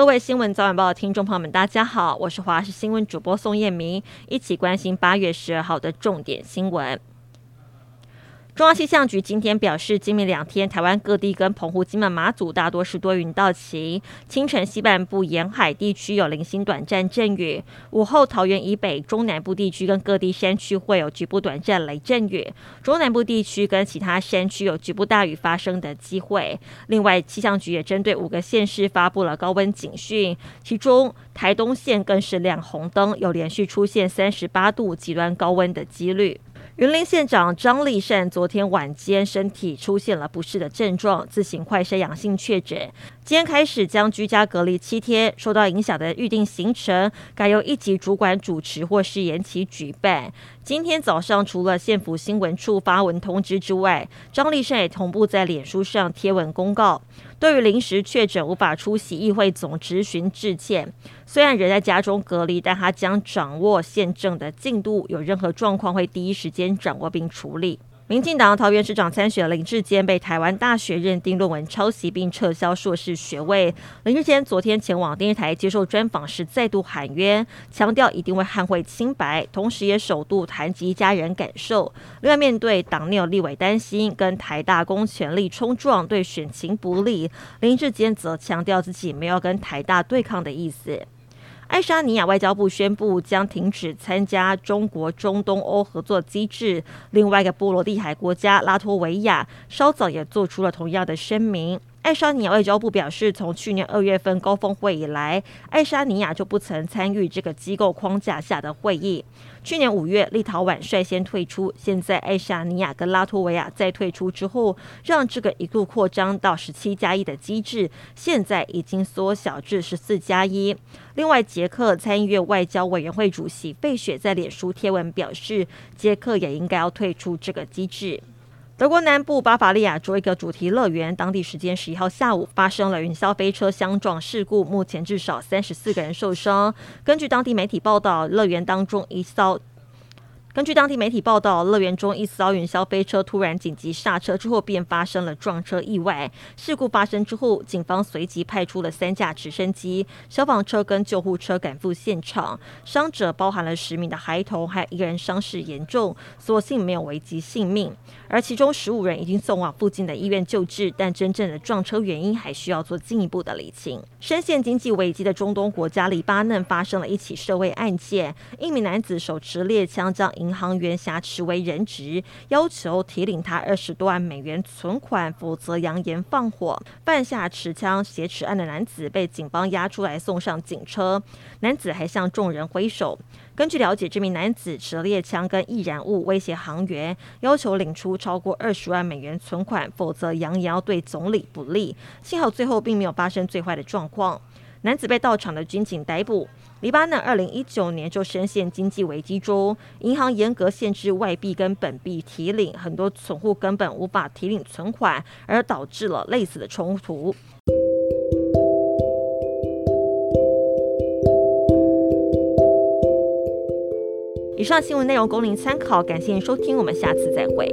各位新聞早晚報的聽眾朋友們，大家好，我是華視新聞主播宋彥明，一起關心八月十二號的重點新聞。中央氣象局今天表示，今明兩天台灣各地跟澎湖、金門、馬祖大多是多雲到晴，清晨西半部沿海地區有零星短暫陣雨，午後桃園以北中南部地區跟各地山區會有局部短暫雷陣雨，中南部地區跟其他山區有局部大雨發生的機會。另外，氣象局也針對五個縣市發布了高溫警訊，其中台東縣更是亮紅燈，有連續出現三十八度極端高溫的幾率。雲林縣長張麗善昨天晚間身體出現了不適的症狀，自行快篩陽性確診，今天開始將居家隔離七天，受到影響的預定行程改由一級主管主持或是延期舉辦。今天早上除了縣府新聞處發文通知之外，張麗善也同步在臉書上貼文公告。對於臨時確診無法出席議會總質詢致歉，雖然人在家中隔離，但他將掌握縣政的進度，有任何狀況會第一時間掌握並處理。民進黨桃園市長參選林智堅被臺灣大學認定論文抄襲，並撤銷碩士學位。林智堅昨天前往電視台接受專訪時，再度喊冤，強調一定會捍衛清白，同時也首度談及家人感受。另外，面對黨內有立委擔心跟台大公權力衝撞，對選情不利，林智堅則強調自己沒有跟台大對抗的意思。愛沙尼亞外交部宣布將停止參加中國中東歐合作機制。另外一個波羅的海國家拉脫維亞稍早也做出了同樣的聲明。愛沙尼亞外交部表示，從去年二月份高峰會以來，愛沙尼亞就不曾參與這個機構框架下的會議。去年五月，立陶宛率先退出，現在愛沙尼亞跟拉脫維亞在退出之後，讓這個一度擴張到十七加一的機制，現在已經縮小至十四加一。另外，捷克參議院外交委員會主席費雪在臉書貼文表示，捷克也應該要退出這個機制。德國南部巴伐利亞州一個主題樂園，當地時間十一號下午發生了雲霄飛車相撞事故，目前至少三十四個人受傷。根據當地媒體報道，樂園當中一艘根據當地媒體報道，樂園中一艘雲霄飛車突然緊急剎車之後，便發生了撞車意外。事故發生之後，警方隨即派出了三架直升機、消防車跟救護車趕赴現場。傷者包含了十名的孩童，還有一個人傷勢嚴重，所幸沒有危及性命。而其中十五人已經送往附近的醫院救治，但真正的撞車原因還需要做進一步的理清。深陷經濟危機的中東國家黎巴嫩發生了一起社會案件，一名男子手持獵槍將銀行員挾持為人質，要求提領他二十多萬美元存款，否則揚言放火。犯下持槍挾持案的男子被警方押出來送上警車，男子還向眾人揮手。根據了解，這名男子持獵槍跟易燃物威脅行員，要求領出超過二十萬美元存款，否則揚言要對總理不利。幸好最後並沒有發生最壞的狀況。男子被到場的軍警逮捕。黎巴嫩二零一九年就深陷經濟危機中，銀行嚴格限制外幣跟本幣提領，很多存戶根本無法提領存款，而導致了類似的衝突。以上新聞內容供您參考，感謝您收聽，我們下次再會。